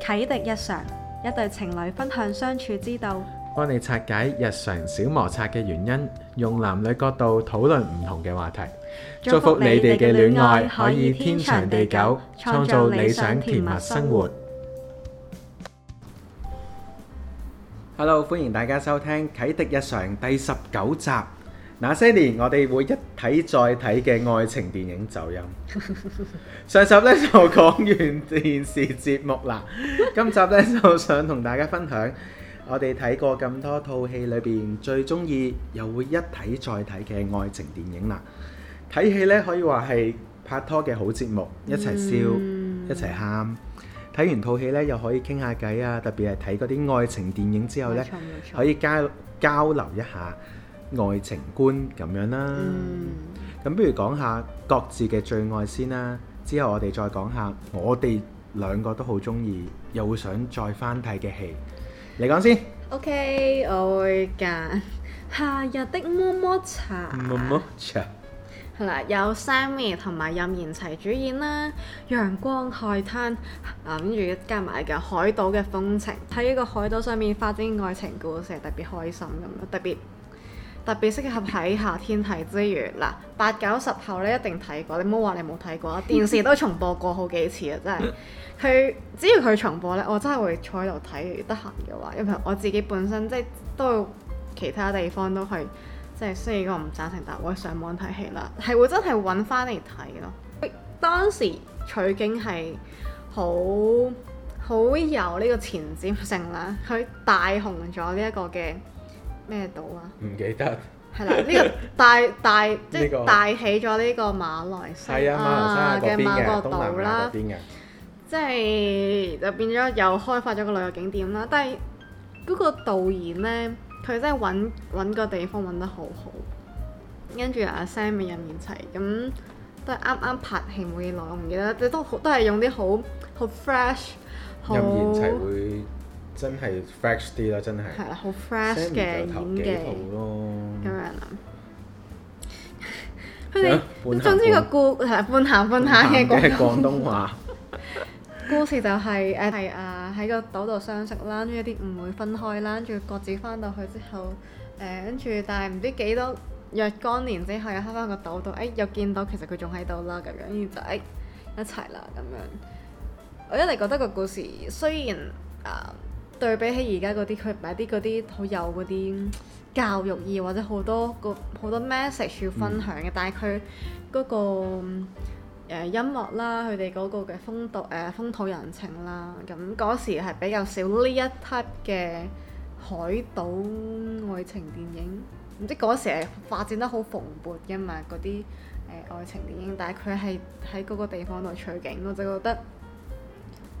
啟迪日常，一對情侶分享相處之道，幫你拆解日常小摩擦嘅原因，用男女角度討論唔同嘅話題，祝福你哋嘅戀愛可以天長地久，創造理想甜蜜生活。Hello，歡迎大家收聽《啟迪日常》第十九集。那些年，我哋會一睇再睇嘅愛情電影走音。上集咧就講完電視節目啦，今集咧就想同大家分享我哋睇過咁多套戲裏邊最中意又會一睇再睇嘅愛情電影啦。睇戲咧可以話係拍拖嘅好節目，一齊笑，一齊喊。睇完套戲咧又可以傾下偈啊，特別係睇嗰啲愛情電影之後咧，可以交交流一下。愛情觀咁樣啦、啊，咁、嗯、不如講下各自嘅最愛先啦、啊。之後我哋再講下我哋兩個都好中意，又會想再翻睇嘅戲。你講先。O.K. 我會揀夏日的麼麼茶。麼麼茶，係啦，有 Sammy 同埋任賢齊主演啦，陽光海灘啊，諗住加埋嘅海島嘅風情，睇呢個海島上面發展嘅愛情故事，特別開心咁咯，特別。特別適合喺夏天睇之餘，嗱，八九十後咧，一定睇過，你唔好話你冇睇過，電視都重播過好幾次啊！真係，佢 只要佢重播呢，我真係會坐喺度睇，得閒嘅話，因為我自己本身即係都其他地方都係即係雖然我唔贊成，但係我上網睇戲啦，係會真係揾翻嚟睇咯。 當時取景係好好有呢個前瞻性啦，佢大紅咗呢一個嘅。咩島啊？唔記得。 係、這、啦、個，呢個帶帶即係帶起咗呢個馬來西亞嘅馬國島啦。即係、 就是、就變咗又開發咗個旅遊景點啦。但係嗰個導演呢，佢真係揾揾個地方揾得好好，跟住阿 Sam 咪任賢齊咁都啱啱拍戲冇幾耐，我唔記得，都都係用啲好好 fresh。好。真係 fresh 啲啦，真係係啦，好 fresh 嘅演技咯，咁樣啦。佢哋，總之個故係半鹹半淡嘅廣東話。故事就係誒係啊喺個島度相識啦，跟住一啲唔會分開啦，跟住各自翻到去之後誒，跟住但係唔知幾多若干年之後又返翻個島度，誒又見到其實佢仲喺度啦，咁樣，而就誒一齊啦，咁樣。我一嚟覺得個故事雖然啊～對比起而家嗰啲，佢咪啲嗰啲好有嗰啲教育意義，或者好多個好多 message 要分享嘅。但係佢嗰個、呃、音樂啦，佢哋嗰個嘅風度誒、呃、風土人情啦，咁、嗯、嗰時係比較少呢一 type 嘅海島愛情電影。唔知嗰時係發展得好蓬勃嘅嘛？嗰啲誒愛情電影，但係佢係喺嗰個地方度取景，我就覺得。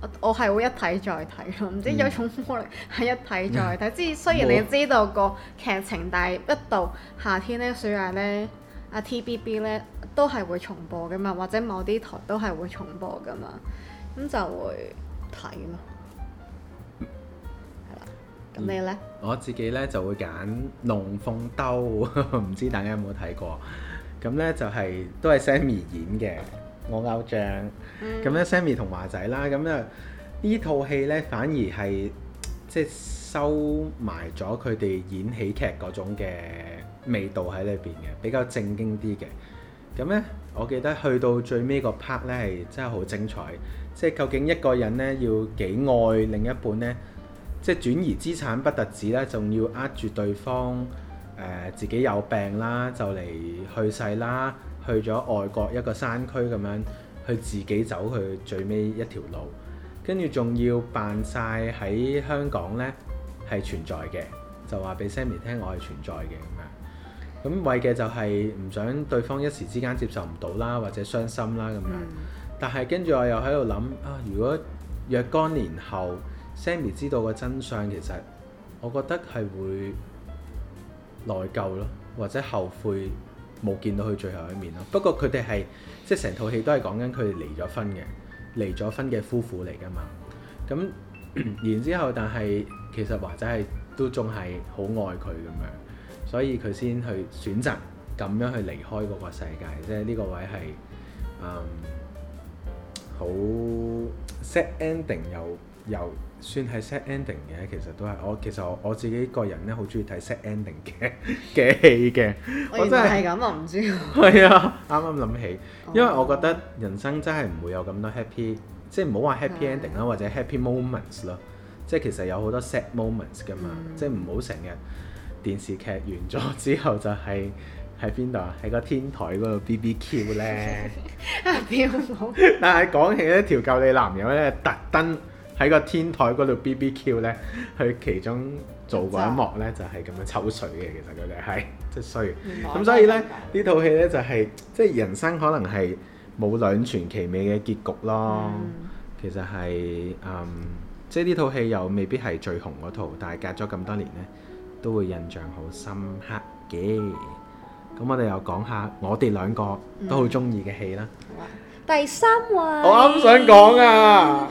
我我係會一睇再睇咯，唔知有種魔力係一睇再睇。即係、嗯、雖然你知道個我劇情，但係一到夏天咧、暑假咧，阿、啊、TBB 咧都係會重播嘅嘛，或者某啲台都係會重播嘅嘛，咁就會睇咯。係啦、嗯，咁你咧？我自己咧就會揀《龍鳳鬥》，唔知大家有冇睇過？咁咧就係、是、都係 Sammy 演嘅。我偶像咁咧，Sammy 同華仔啦，咁咧呢套戲咧反而係即係收埋咗佢哋演喜劇嗰種嘅味道喺裏邊嘅，比較正經啲嘅。咁咧，我記得去到最尾個 part 咧係真係好精彩，即係究竟一個人咧要幾愛另一半咧，即係轉移資產不特止啦，仲要呃住對方誒、呃、自己有病啦，就嚟去世啦。去咗外國一個山區咁樣，去自己走去最尾一條路，跟住仲要扮晒喺香港呢係存在嘅，就話俾 Sammy 聽我係存在嘅咁樣。咁為嘅就係唔想對方一時之間接受唔到啦，或者傷心啦咁樣。嗯、但係跟住我又喺度諗啊，如果若干年後 Sammy 知道個真相，其實我覺得係會內疚咯，或者後悔。冇見到佢最後一面咯。不過佢哋係即係成套戲都係講緊佢哋離咗婚嘅，離咗婚嘅夫婦嚟噶嘛。咁 然之後，但係其實華仔係都仲係好愛佢咁樣，所以佢先去選擇咁樣去離開嗰個世界。即係呢個位係嗯，好 sad ending 又又。算係 sad ending 嘅，其實都係我其實我我自己個人咧，好中意睇 sad ending 嘅嘅戲嘅。我真係係咁啊，唔 知。係啊 ，啱啱諗起，因為我覺得人生真係唔會有咁多 happy，即係唔好話 happy ending 啦對，或者 happy moments 啦，即係其實有好多 sad moments 噶嘛，即係唔好成日電視劇完咗之後就係喺邊度啊？喺個天台嗰度 BBQ 咧。 哈哈 但係講起咧調教你男友咧，特登。喺個天台嗰度 BBQ 咧，佢其中做過一幕咧，就係咁樣抽水嘅。其實佢哋係即係衰，咁所以咧呢套戲咧就係即係人生可能係冇兩全其美嘅結局咯。其實係嗯，即係呢套戲又未必係最紅嗰套，但係隔咗咁多年咧，都會印象好深刻嘅。咁我哋又講下我哋兩個都好中意嘅戲啦。第三位，我啱想講啊。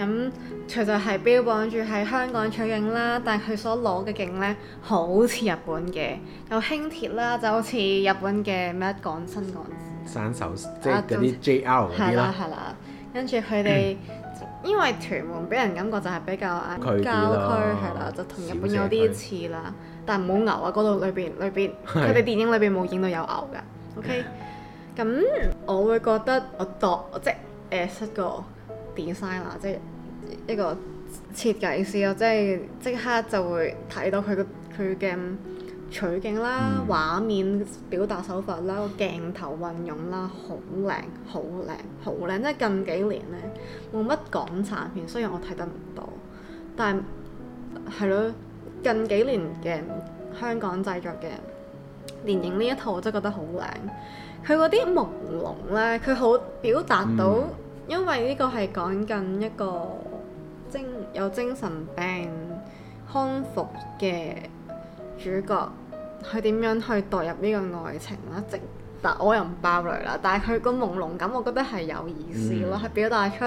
咁，雖然係標榜住喺香港取景啦，但係佢所攞嘅景呢，好似日本嘅，有輕鐵啦，就好似日本嘅咩港新港，山手即係嗰啲 JR 嗰啦。係啦，係啦，跟住佢哋，因為屯門俾人感覺就係比較啊郊區，係啦，就同日本有啲似啦，但係唔好牛啊！嗰度裏邊裏邊，佢哋的電影裏邊冇影到有牛㗎。OK，咁、啊、我會覺得我度，即係誒失過。designer 即係一個設計師咯，即係即刻就會睇到佢嘅佢嘅取景啦、嗯、畫面表達手法啦、鏡頭運用啦，好靚、好靚、好靚！即係近幾年呢，冇乜港產片，雖然我睇得唔多，但係係咯，近幾年嘅香港製作嘅電影呢一套，我真係覺得好靚。佢嗰啲朦朧呢，佢好表達到、嗯。因為呢個係講緊一個精有精神病康復嘅主角，佢點樣去代入呢個愛情啦？直但我又唔爆雷啦，但係佢個朦朧感，我覺得係有意思咯，係、嗯、表達出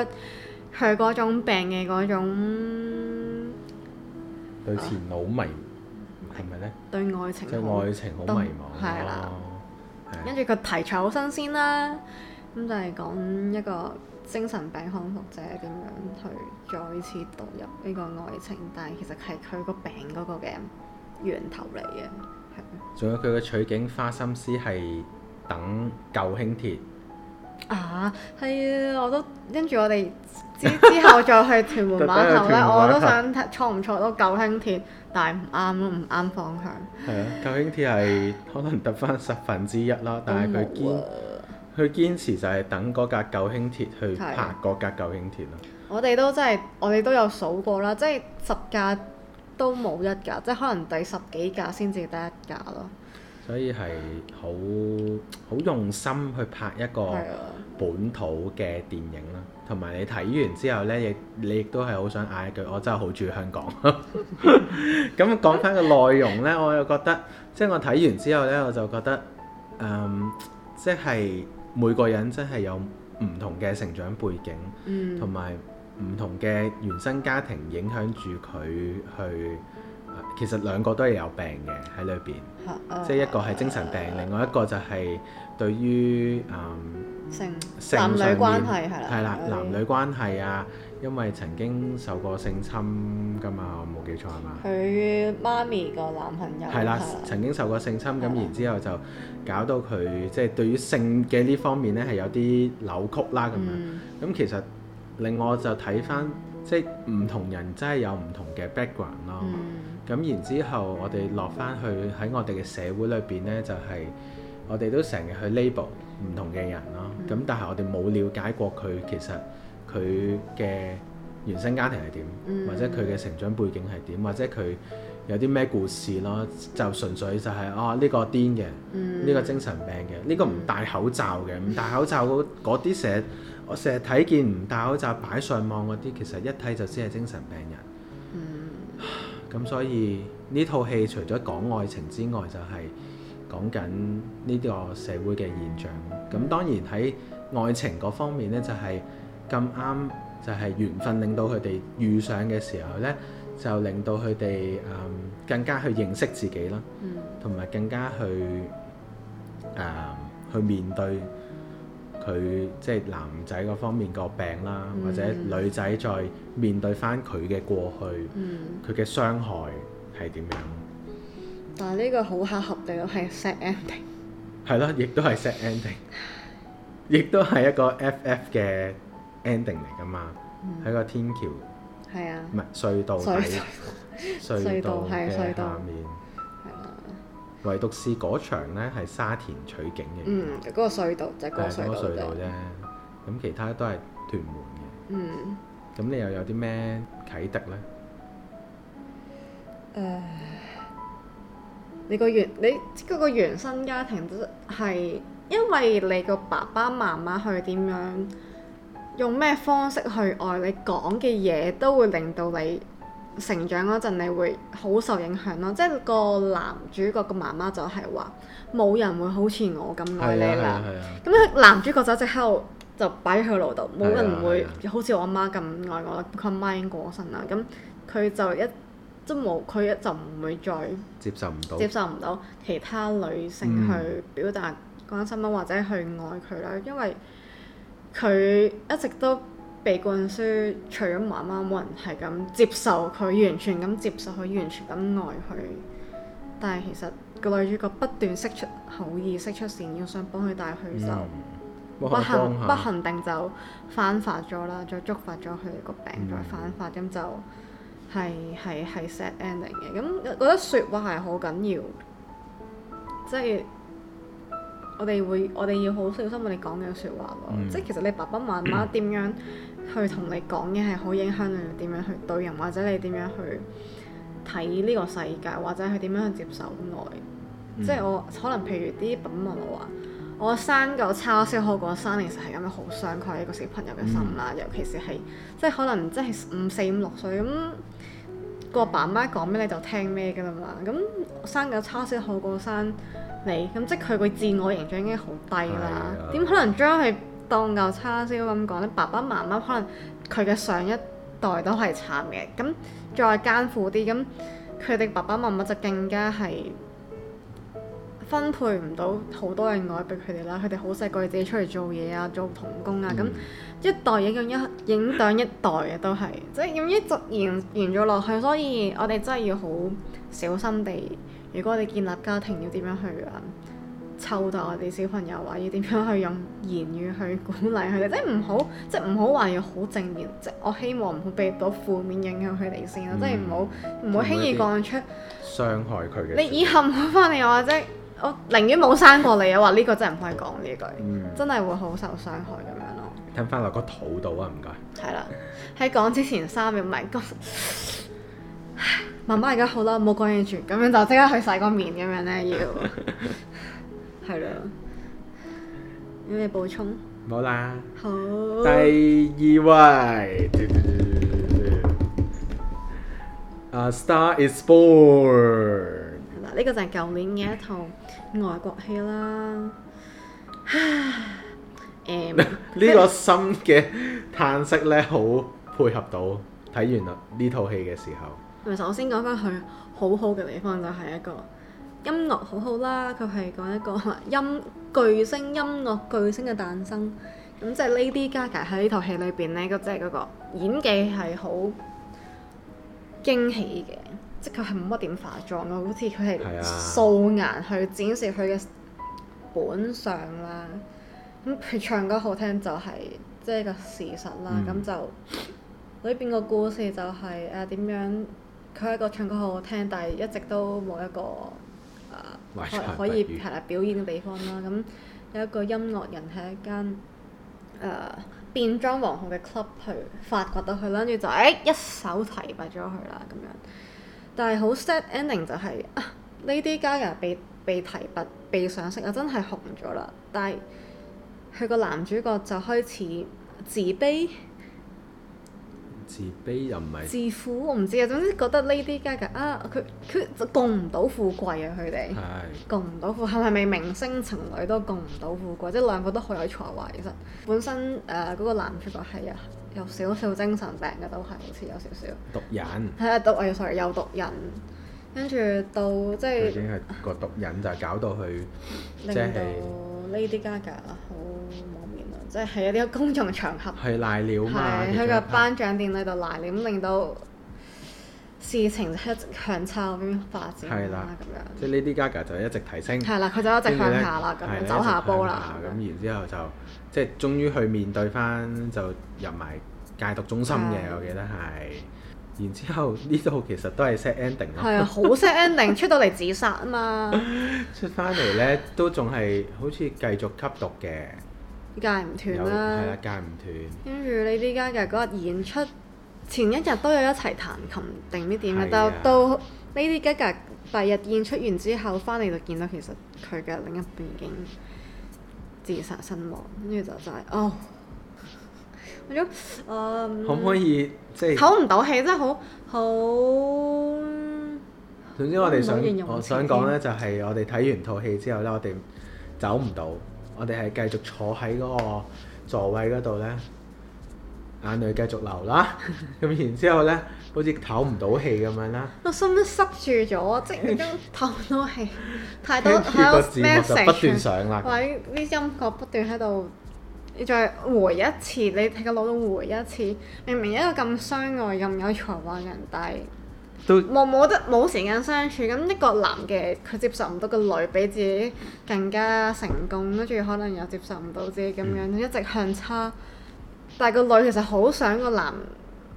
佢嗰種病嘅嗰種對前腦迷係咪、啊、呢？對愛情即愛情好迷茫，係啦都，跟住個題材好新鮮啦，咁就係講一個。精神病康復者點樣去再次導入呢個愛情？但係其實係佢個病嗰個嘅源頭嚟嘅。仲有佢嘅取景花心思係等舊輕鐵。啊，係啊！我都跟住我哋之之後再去屯門碼頭咧， 頭我都想坐唔坐到舊輕鐵，但係唔啱咯，唔啱方向。係啊，舊輕鐵係、啊、可能得翻十分之一啦，但係佢堅。佢堅持就係等嗰架舊輕鐵去拍嗰的架舊輕鐵咯。我哋都真係，我哋都有數過啦，即係十架都冇一架，即係可能第十幾架先至得一架咯。所以係好好用心去拍一個的本土嘅電影啦。同埋你睇完之後呢，亦你亦都係好想嗌一句：我真係好鍾意香港。咁講返個內容呢，我又覺得，即係我睇完之後呢，我就覺得，嗯，即係。每個人真係有唔同嘅成長背景，嗯，同埋唔同嘅原生家庭影響住佢去。其實兩個都係有病嘅喺裏邊，裡面 即係一個係精神病， 另外一個就係對於，um, 性男女關係係啦，係啦，男女關係啊，因為曾經受過性侵噶嘛，我冇記錯係嘛？佢媽咪個男朋友係啦，曾經受過性侵，咁然之後就搞到佢即係對於性嘅呢方面呢，係有啲扭曲啦咁樣。咁其實令我就睇翻即係唔同人真係有唔同嘅 background 咯。咁然之後我哋落翻去喺我哋嘅社會裏邊呢，就係我哋都成日去 label。唔同嘅人咯，咁但係我哋冇了解過佢，其實佢嘅原生家庭係點，嗯、或者佢嘅成長背景係點，或者佢有啲咩故事咯，就純粹就係哦呢個癲嘅，呢、嗯、個精神病嘅，呢、呢個唔戴口罩嘅，唔、嗯、戴口罩嗰啲成日我成日睇見唔戴口罩擺上網嗰啲，其實一睇就知係精神病人。咁、嗯、所以呢套戲除咗講愛情之外，就係，就係，講緊呢個社會嘅現象，咁當然喺愛情嗰方面呢，就係咁啱，就係緣分令到佢哋遇上嘅時候呢，就令到佢哋嗯更加去認識自己啦，嗯，同埋更加去誒去面對佢，即係男仔嗰方面個病啦，或者女仔再面對返佢嘅過去，嗯，佢嘅傷害係點樣？但係呢個好巧合地咯，係 sad ending。係咯，亦都係 sad ending。亦都係一個 FF 嘅 ending 嚟㗎嘛？喺個天橋。係啊。唔係隧道底。隧道。隧道。係隧道。下面。唯獨是嗰場咧係沙田取景嘅。嗯，嗰個隧道即係嗰個隧道啫。咁其他都係屯門嘅。嗯。咁你又有啲咩啟廸呢？你個原你嗰個原生家庭都係因為你個爸爸媽媽去點樣用咩方式去愛你，講嘅嘢都會令到你成長嗰陣，你會好受影響咯。即係個男主角個媽媽就係話：冇人會好似我咁愛你啦。咁、啊啊啊、男主角就即刻就擺喺佢腦度，冇人會好似我媽咁愛我啦。佢阿、啊啊、媽已經過身啦。咁佢就一。即係冇佢就唔會再接受唔到，接受唔到其他女性去表達關心啦，嗯、或者去愛佢啦，因為佢一直都被灌輸，除咗媽媽冇人係咁接受佢，完全咁接受佢，完全咁愛佢。但係其實個女主角不斷釋出好意識出、釋出善意，想幫佢，但去佢就不幸不幸定就反發咗啦，再觸發咗佢個病，再、嗯、反發咁就。係係係 sad ending 嘅，咁我覺得説話係好緊要，即係我哋會我哋要好小心我哋講嘅説話咯，mm. 即係其實你爸爸媽媽點樣去同你講嘢，係好影響你點樣去對人或者你點樣去睇呢個世界或者佢點樣去接受愛，mm. 即係我可能譬如啲品文我話。我生個叉燒好過生，其實係咁樣好傷佢一個小朋友嘅心啦。嗯、尤其是係即係可能即係五四五六歲咁，個爸媽講咩你就聽咩噶啦嘛。咁生個叉燒好過生你，咁即係佢個自我形象已經好低啦。點、啊、可能將佢當個叉燒咁講呢？爸爸媽媽可能佢嘅上一代都係慘嘅，咁再艱苦啲，咁佢哋爸爸媽媽就更加係。分配唔到好多嘅愛俾佢哋啦，佢哋好細個要自己出嚟做嘢啊，做童工啊，咁、嗯、一代一一影響一影響一代嘅、啊、都係，即係用一直延延咗落去，所以我哋真係要好小心地，如果我哋建立家庭要點樣去啊，湊大我哋小朋友、啊，或者要點樣去用言語去鼓勵佢哋，即係唔好即係唔好話要好正面，即，要要言即我希望唔好俾到負面影響佢哋先啦、啊，嗯、即係唔好唔好輕易講出傷害佢嘅。你以後唔好翻嚟我即我寧願冇生過你啊！話呢個真係唔可以講呢句，嗯、真係會好受傷害咁樣咯。聽翻落個肚度啊，唔該。係啦，喺講之前三秒，唔係講。媽媽而家好啦，唔好講嘢住，咁樣就即刻去洗個面咁樣咧，要係啦。有咩 補充？冇啦了。好。2 第二位，A star is born。呢、這個就係舊年嘅一套。 外國戲啦，呢、嗯、 個深嘅嘆息呢， 好配合到睇完呢套戲嘅時候。首先講翻佢好好嘅地方就係一,一個音樂好好啦，佢係講一個音巨星，音樂巨星嘅誕生。咁即係 Lady Gaga 喺呢套戲裏邊呢，即係嗰個演技係好驚喜嘅。即佢係冇乜點化妝咯，好似佢係素顏去展示佢嘅本相啦。咁佢唱歌好聽就係、係、即個事實啦。咁、嗯、就裏邊個故事就係誒點樣？佢係一個唱歌好好聽，但係一直都冇一個、啊、可以可以係、呃、表演嘅地方啦。咁有一個音樂人喺一間誒、啊、變裝皇后嘅 club 去發掘到佢，啦，跟住就誒一手提拔咗佢啦。咁樣。.但係好 sad ending 就係、是、啊 Lady Gaga 被被提拔，被上色啊，真係紅咗啦，但係佢個男主角就開始自卑，自卑又唔係自負，我唔知啊。總之覺得 Lady Gaga 啊，佢佢共唔到富貴啊，佢哋共唔到富貴。係咪咪明星情侶都共唔到富貴？即係兩個都好有才華。其實本身誒嗰、呃那個男主角係啊。有少少精神病嘅都係，好似有少少毒癮。係啊，毒誒，sorry，有毒癮，跟住到即係。已經係個毒癮就搞到佢，即係呢啲 Lady Gaga 好冇面啦，即係喺啲公眾場合。係瀨尿嘛，佢個頒獎典禮度瀨尿，咁 令到。事情一直向差嗰邊發展啦，咁樣即係 Lady Gaga 就一直提升。係啦，佢就一直向下啦，咁樣走下坡啦，咁然之後就即係終於去面對翻，就入埋戒毒中心嘅，我記得係。然之後呢度其實都係 set ending 咯。係啊，好 set ending，出到嚟自殺啊嘛！出翻嚟咧都仲係好似繼續吸毒嘅，戒唔斷啦，係啦，戒唔斷。跟住 Lady Gaga 嗰日演出，前一日都有一齊彈琴定唔知點嘅，但、啊、到 Lady Gaga 第日演出完之後，翻嚟就見到其實佢嘅另一半已經自殺身亡，跟住就就係、是、哦，我覺可唔可以即係？唞唔到氣真係好好。總之我哋想我，我想講呢，就係、是、我哋睇完套戲之後呢，我哋走唔到，我哋係繼續坐喺嗰個座位嗰度呢。眼淚繼續流啦，咁然之後咧，好似唞唔到氣咁樣啦。個心都塞住咗，即係都唞唔到氣，太多。喺 message 不斷上啦，或者啲音樂不斷喺度，你再回一次，你睇個腦都回一次。明明一個咁相愛、咁有才華嘅人，但係都冇冇得冇時間相處。咁一個男嘅，佢接受唔到個女比自己更加成功，跟住可能又接受唔到自己咁樣，一直向差。但係個女其實好想個男，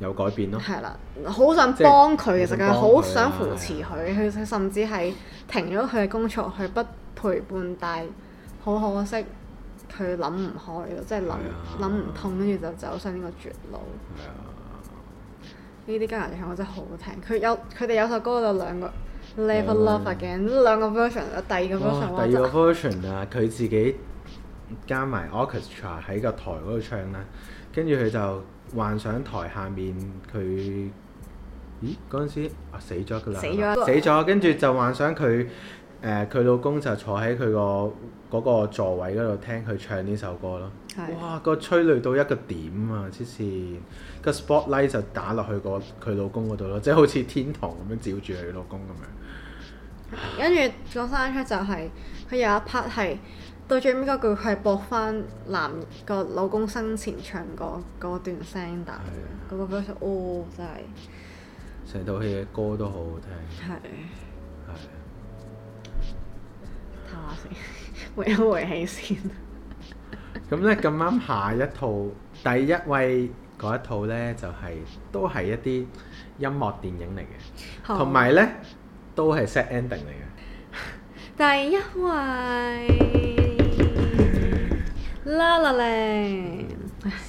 有改變咯。係啦，好想幫佢，其實佢好想扶持佢，佢、啊、甚至係停咗佢嘅工作去不陪伴，但係好可惜，佢諗唔開咯，即係諗諗唔通，跟住、哎、呀就走上呢個絕路。呢啲加拿大唱我真係好好聽，佢有，佢哋有首歌就兩個 level love again，、哎、呀兩個 version，第二個 version、哦。第二個 version 啊，佢自己。 加埋 orchestra 喺個台嗰度唱啦，跟住佢就幻想台下面佢，咦嗰陣時啊死咗㗎啦，死咗，死咗了，跟住吧就幻想佢誒佢老公就坐喺佢個嗰個座位嗰度聽佢唱呢首歌咯，是哇個催淚到一個點啊！黐線，個 spotlight 就打落去個佢老公嗰度咯，即係好似天堂咁樣照住佢老公咁樣。跟住講翻出就係、是、佢有一 part 係。到最尾嗰句係播翻男個老公生前唱嗰嗰段聲帶，嗰個歌手哦，真係成套戲嘅歌都好好聽，係係。唞下先，回一回氣先。咁咧咁啱下一套第一位嗰一套咧，就係、係、都係一啲音樂電影嚟嘅，同埋咧都係 sad ending 嚟嘅。第一位。啦啦咧！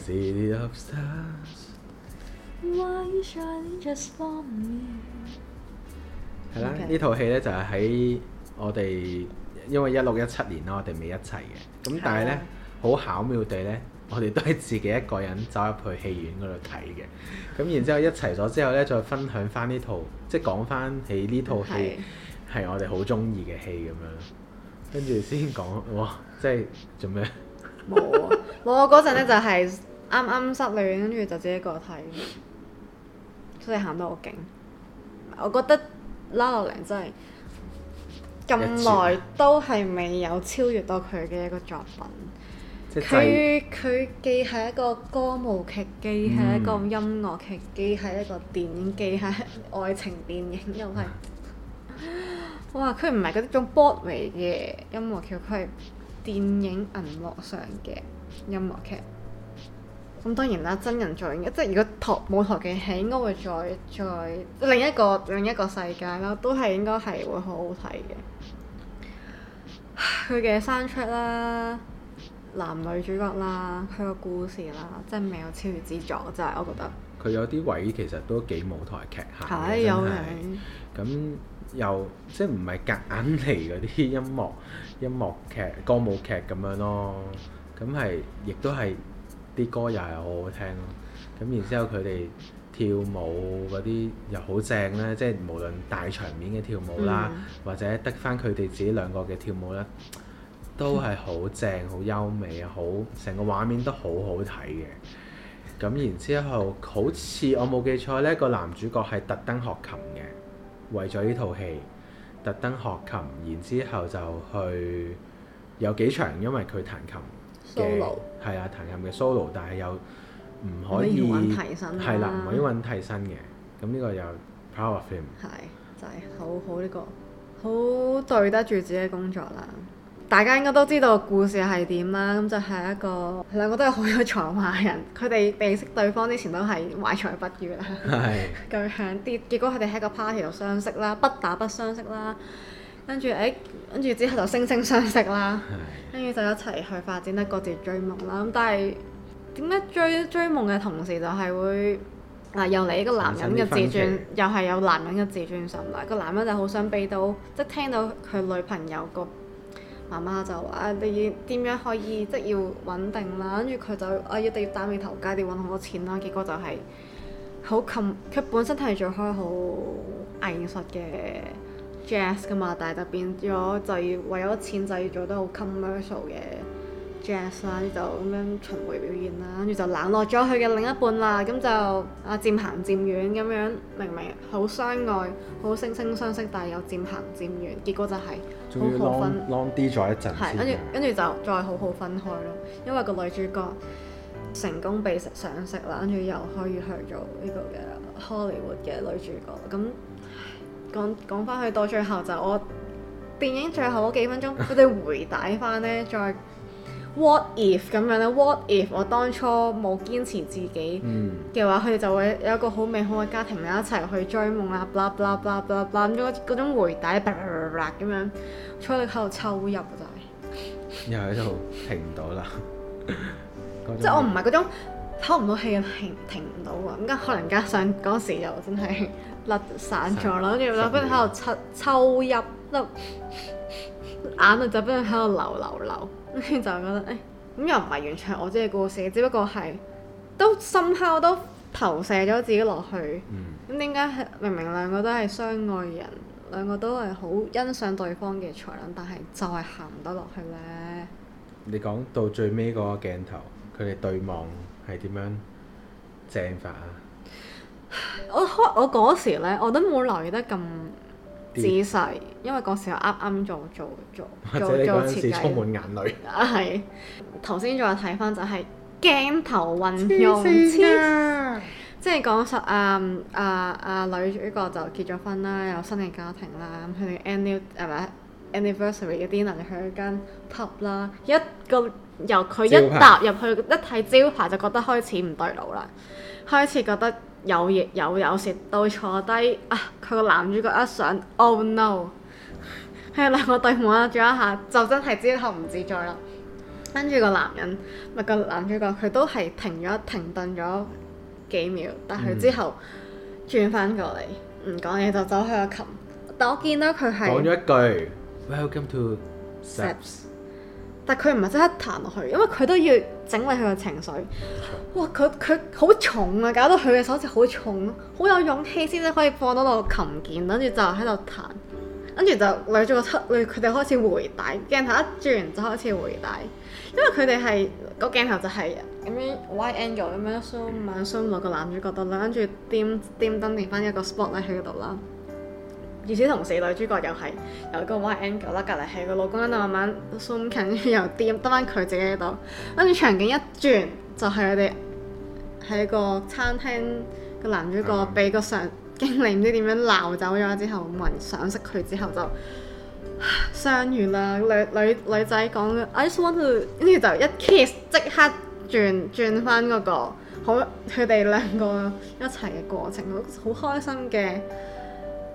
係啦、啊，呢套戲咧就係喺我哋，因為一六一七年啦，我哋未一齊嘅，咁，但係咧好巧妙地咧，我哋都係自己一個人走入去戲院嗰度睇嘅咁。然之後一齊咗之後咧，再分享翻呢套即係講翻起呢套戲係我哋好中意嘅戲咁樣，跟住先講哇，即係做咩？冇啊！我嗰陣呢就係啱啱失戀，跟住就自己一個睇，所以喊得好勁。我覺得《La La Land》真係咁耐都係未有超越到佢嘅一個作品。佢佢是既係一個歌舞劇，既係一個音樂劇，既係一個電影，既係愛情電影，又係、啊、哇！佢唔係嗰種 Broadway 嘅音樂劇，佢係電影銀幕上嘅音樂劇，咁當然啦，真人再即係如果台舞台嘅戲，應該會再再另一個另一個世界啦，都係應該係會好好睇嘅。佢嘅 soundtrack 啦，男女主角啦，佢個故事啦，真係未有超越之作，真係我覺得。佢有啲位其實都幾舞台劇下嘅，哎、有真係。咁又即係唔係隔硬嚟嗰啲音樂音樂劇歌舞劇咁樣咯，咁係亦都係啲歌又係好好聽咯。咁然之後佢哋跳舞嗰啲又好正啦，即係無論大場面嘅跳舞啦，或者得翻佢哋自己兩個嘅跳舞咧，都係好正、好優美啊！好成個畫面都好好睇嘅。咁然之後好似我冇記錯咧，呢個男主角係特登學琴。為咗呢套戲，特登學琴，然之後就去有幾場，因為佢彈琴嘅係啊，彈琴嘅 solo，但係又唔可以係啦，唔可以揾替身嘅。咁呢個又 powerful 係，就係、係、好好呢、呢個，好對得住自己嘅工作啦。大家應該都知道故事係點啦，咁、嗯、就係、是、一個兩個都係好有才華嘅人，佢哋未識對方之前都係懷才不遇啦。係。咁樣啲，結果佢哋喺個 party 度相識啦，不打不相識啦，跟住誒，跟、欸、住之後就惺惺相惜啦，跟住 就一齊去發展得各自追夢啦。咁但係點解追追夢嘅同時就係會嗱、啊，又嚟一個男人嘅自尊，又係有男人嘅自尊心啦。個男人就好想俾到，即係聽到佢女朋友個。媽媽就話，你點樣可以即係、就是、要穩定啦？跟住佢就啊，一定要打你頭街，你揾好多錢啦！結果就係好佢本身係做開好藝術嘅 jazz 噶嘛，但係就變咗就要為咗、嗯、錢就要做得好 commercial 嘅。guess 啦，就咁樣巡回表演啦，跟住就冷落咗佢嘅另一半啦，咁就啊漸行漸遠咁樣，明明好相愛，好惺惺相惜，但係又漸行漸遠，結果就係、是、好好分 long 啲咗一陣，跟住就再好好分開咯，對因為個女主角成功被食賞識啦，跟住又可以去做呢個嘅荷里活嘅女主角，咁講講翻去到最後就我電影最後嗰幾分鐘，佢哋 回帶翻呢再。What if 咁樣咧？What if 我當初冇堅持自己嘅話，佢哋就會有一個好美好嘅家庭，咪一齊去追夢啦！blah blah blah blah blah 咁嗰嗰種回憶，咁樣坐喺度抽泣就係又喺度停唔到啦，即係我唔係嗰種抽唔到氣停停唔到啊！咁加可能加上嗰時又真係甩散咗啦，跟住咧跟住喺度抽抽泣，眼淚就不停喺度流流流。 就覺得誒，咁、哎、又唔係完全係我自己故事，只不過係都深刻都投射咗自己落去。咁點解明明兩個都係相愛人，兩個都係好欣賞對方嘅才能，但係就係行唔得落去呢？你講到最尾嗰個鏡頭，佢哋對望係點樣正法啊 ？我開我嗰時咧，我都冇留意得咁仔細，因為嗰時候啱啱做做做做者做設計，充滿眼淚。啊， 係頭先再睇翻就係鏡頭運用，黐線㗎，即係講實，啊啊啊，女主角就結咗婚啦，有新嘅家庭啦。咁佢哋 annual 係咪 anniversary 嘅 dinner 就喺一間 pub 啦。一個由佢一踏入去拍一睇招牌就覺得開始唔對路啦，開始覺得。有嘢有有食到坐低啊！佢個男主角一上，oh no，喺 兩個對望咗一下，就真係之後唔自在啦。跟住個男人咪、個男主角，佢都係停咗停頓咗幾秒，但係之後轉翻過嚟唔講嘢就走去個琴。但我見到佢係講咗一句 Welcome to Seb's 但佢唔係即刻彈落去，因為佢都要整理佢嘅情緒。哇！佢佢好重啊，搞到佢嘅手指好重、啊，好有勇氣先至可以放得到琴鍵，跟住就喺度彈，跟住就揦住個七，佢佢哋開始回帶，鏡頭一轉就開始回帶，因為佢哋係個鏡頭就係咁樣 wide angle 咁樣，zoom 慢 zoom 落個男主角度啦，跟住掂掂燈連翻一個 spot 咧喺嗰度啦。而且與此同時女主角又係有個 wide angle 啦，隔離係個老公喺度慢慢鬆近又掂得翻佢自己喺度。跟住場景一轉，就係佢哋喺個餐廳，個男主角俾個上經理唔知點樣鬧走咗之後，問想識佢之後就相遇啦。女女女仔講：I just want to，跟住就一 kiss，即刻轉轉翻嗰、嗰個好佢哋兩個一齊嘅過程，好開心嘅。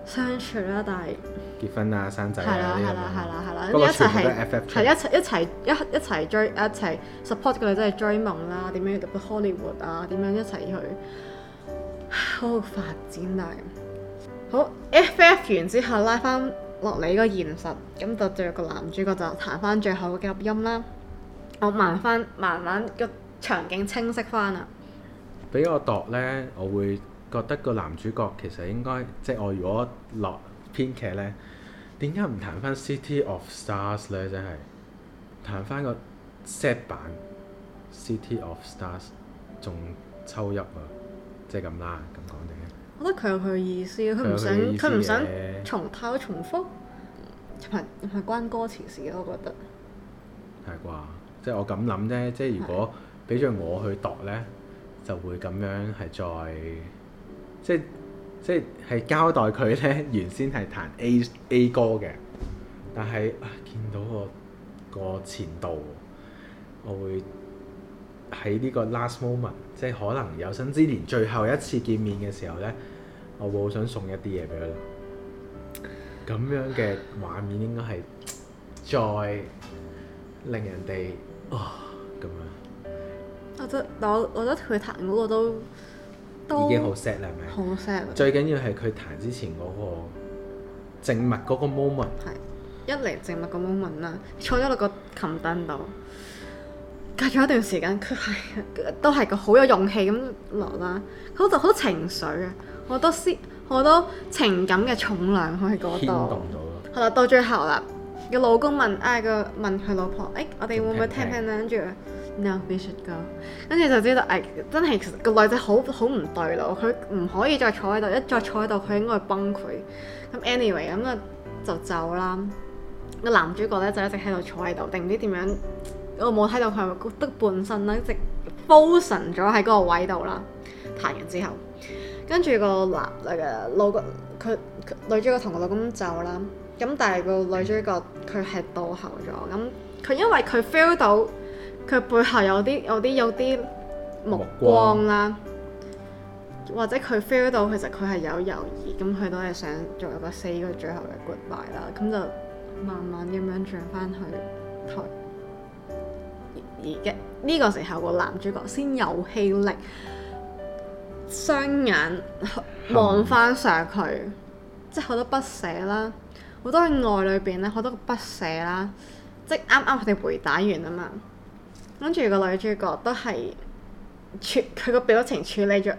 相處啦，但係結婚啊、生仔啊呢啲。係啦、啊，係啦，係啦、啊，係啦、啊，一齊係，係一齊一齊一一齊追，一齊 support 嗰女仔追夢啦，點樣入到 Hollywood 啊，點樣一齊去好好發展啊。但係好 FF 完之後，拉翻落嚟個現實，咁就最後個男主角就彈翻最後嘅錄音啦。我慢翻，慢慢個場景清晰翻啦。俾我度咧，我會。覺得個男主角其實應該即係我如果落編劇呢，點解唔彈翻《City of Stars》呢？真係彈翻個 set 版《City of Stars》仲抽入啊！即係咁啦，咁講定我覺得佢有佢嘅意思，佢唔想佢唔想重透的重複，唔係關歌詞事啊！我覺得係啩，即係我咁諗啫。即係如果俾咗我去度呢，的就會咁樣係再。即即係交代佢咧，原先係彈 A A 歌嘅，但係、啊、見到個個前度，我會喺呢個 last moment，即係可能有生之年最後一次見面嘅時候咧，我會好想送一啲嘢俾佢。咁樣嘅畫面應該係再令人哋啊咁樣我。我覺得我覺得佢彈嗰個都。已經好 sad 啦，係咪？好 sad。 最緊要係佢彈之前嗰個靜默嗰個 moment，係一嚟，靜默嗰 moment 啦，坐咗落個琴凳度，隔咗一段時間，佢係都係個好有勇氣咁落啦，佢好多好多情緒啊，好多思好多情感嘅重量喺嗰度，係啦，到最後啦，個老公問嗌個、啊、問佢老婆，誒、欸，我哋會唔會聽聽呢？跟住……聽聽」聽聽 No, we should go。跟住就知道，哎，真係其實個女仔好好唔對路。佢唔可以再坐喺度，一再坐喺度，佢應該會崩潰。咁 anyway，咁啊就走啦。個男主角咧就一直喺度坐喺度，定唔知點樣，我冇睇到佢，覺得半身啦，一直 frozen 咗喺嗰個位度啦。彈完之後，跟住個男啊，老佢女主角同佢老公走啦。咁但係個女主角佢係到喉咗，咁佢因為佢 feel 到。佢背後有啲有啲有啲目光啦，光或者佢 feel 到其實佢係有猶豫，咁佢都係想做一個四個最後嘅 goodbye 啦。咁就慢慢咁樣轉翻去台而嘅呢、這個時候，個男主角先有氣力，雙眼望翻 上佢，嗯、即係好多不捨啦，好多愛裏邊咧，好多個不捨啦。即係啱啱佢哋回打完啊嘛。跟住個女主角都係處佢個表情處理咗，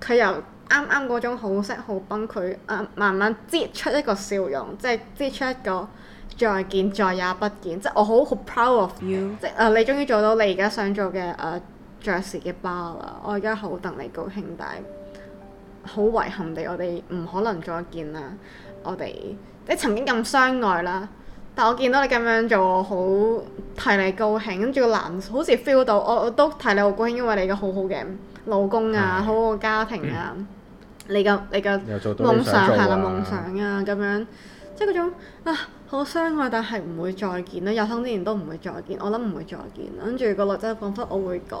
佢由啱啱嗰種好失好崩潰，啱、啊、慢慢擠出一個笑容，即係擠出一個再見再也不見，即係我好好 proud of you，即係、啊、你終於做到你而家想做嘅誒、啊、爵士嘅 bar 啦，我而家好戥你高興，但係好遺憾地我哋唔可能再見啦，我哋即曾經咁相愛啦。我見到你咁樣做，好替你高興，跟住個男好似 feel 到，我我都替你好高興，因為你嘅好好嘅老公啊，的好好嘅家庭啊，嗯、你嘅你嘅夢想係啦、啊，夢想啊咁樣，即係嗰種啊好相愛，但係唔會再見啦，有生之年都唔會再見，我諗唔會再見。跟住個女仔講翻，我會講，誒，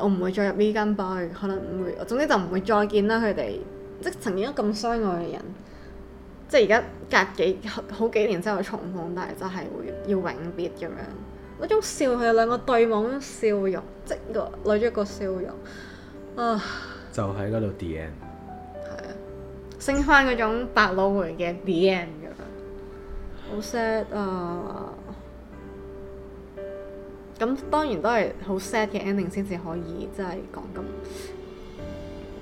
我唔會再入呢間包嘅，可能唔會，總之就唔會再見啦。佢哋即係曾經咁相愛嘅人。即係而家隔幾好幾年之後重逢，但係就係會要永別咁樣，嗰種笑，佢哋兩個對望嗰笑容，即係累咗個笑容啊，就喺嗰度 The End，係啊，升翻嗰種百老匯嘅 The End 咁樣，好 sad 啊！咁當然都係好 sad 嘅 ending 先至可以即係講咁。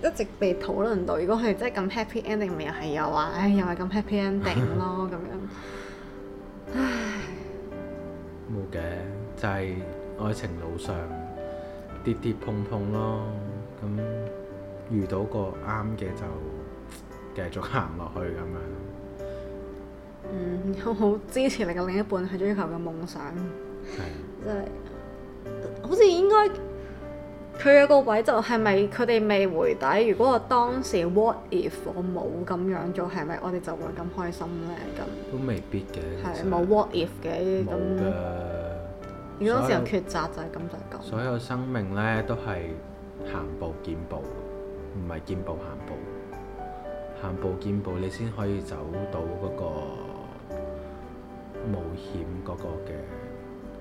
一直被討論到，如果佢真係咁 happy ending，咪又係又話，唉，又係咁 happy ending 咯咁 樣。唉，冇嘅，就係、是、愛情路上跌跌碰碰咯，咁遇到個啱嘅就繼續行落去咁樣。嗯，好好支持你嘅另一半去追求嘅夢想，係真係好似應該。佢有個位就係咪佢哋未回底？如果我當時 what if 我冇咁樣做，係咪我哋就會咁開心咧？咁都未必嘅，係，其實，冇 what if 嘅咁。如果有時候有抉擇就係咁就係、係、咁。所有生命咧都係行步見步，唔係見步行步。行步見步，行步行步你先可以走到嗰個冒險嗰個嘅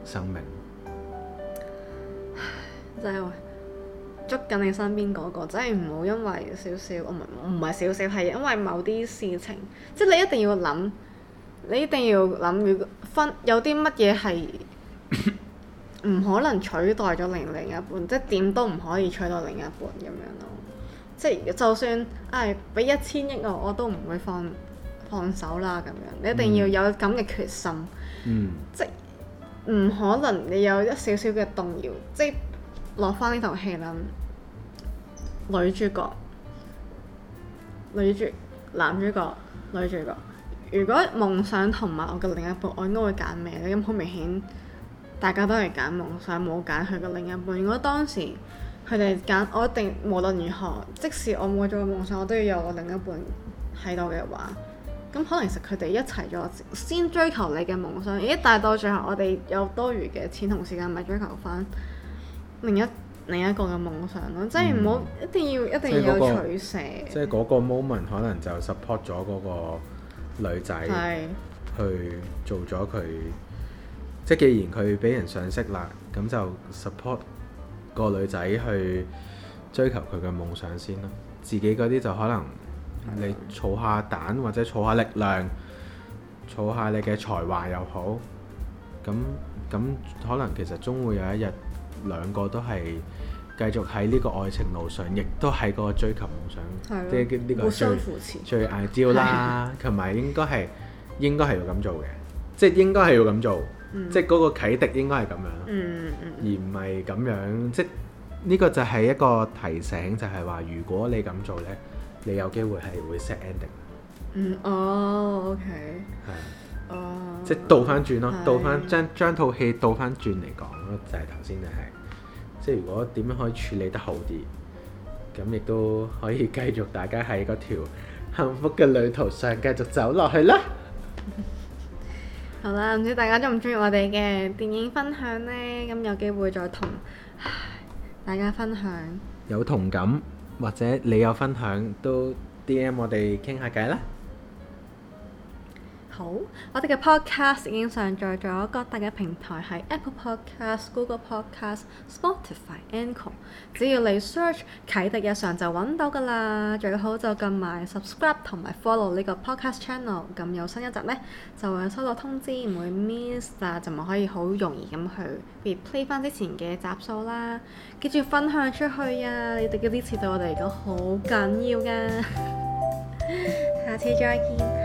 生命。真係。就係捉緊你身邊嗰個，真係唔好因為少少，唔唔唔係少少，係因為某啲事情，即係你一定要諗，你一定要諗，如果分有啲乜嘢係唔可能取代咗另另一半， 即係點都唔可以取代另一半咁樣咯。即係就算唉俾一千億我，我都唔會放放手啦咁樣。你一定要有咁嘅決心，嗯、即係唔、嗯、可能你有一少少嘅動搖，即係。落翻呢套戲啦，女主角、女主角、男主角、女主角，如果夢想同埋我嘅另一半，我應該會揀咩呢？咁好明顯，大家都係揀夢想，冇揀佢嘅另一半。如果當時佢哋揀，我一定無論如何，即使我冇咗個夢想，我都要有我另一半喺度嘅話，咁可能其實佢哋一齊咗先追求你嘅夢想，而一到最後我哋有多餘嘅錢同時間，咪追求翻。另一另一個嘅夢想咯，即係唔好一定要一定要取捨蛇，即係嗰個 moment 可能就 support 咗嗰個女仔去做咗佢。是即係既然佢俾人賞識啦，咁就 support 個女仔去追求佢嘅夢想先咯。自己嗰啲就可能你儲下蛋或者儲下力量，儲下你嘅才華又好。咁咁可能其實終會有一日。兩個都係繼續喺呢個愛情路上，亦都係嗰個追求夢想，即係呢個互相扶持、最嗌招啦。同埋應該係應該係要咁做嘅，即係應該係要咁做，嗯、即係嗰個啟迪應該係咁樣，嗯嗯、而唔係咁樣。即呢個就係一個提醒，就係、係、話如果你咁做呢，你有機會係會 sad ending。嗯哦，OK，係哦，okay、的哦即倒翻轉咯，的倒翻將將套戲倒翻轉嚟講咯，就係頭先就係。即係如果點樣可以處理得好啲，咁亦都可以繼續大家喺嗰條幸福嘅旅途上繼續走落去啦。好啦，唔知大家中唔中意我哋嘅電影分享呢？咁有機會再同大家分享。有同感或者你有分享都 DM 我哋傾下偈啦。好，我哋嘅 podcast 已經上載咗各大嘅平台，係 Apple Podcast、Google Podcast、Spotify、Anchor。只要你 search 啟廸日常就揾到噶啦。最好就撳埋 subscribe 同埋 follow 呢個 podcast channel。咁有新一集呢，就會有收到通知，唔會 miss 啦，就咪可以好容易咁去譬如 play 翻之前嘅集數啦。跟住分享出去啊！你哋嘅呢次對我哋嚟講好緊要噶。 下次再見。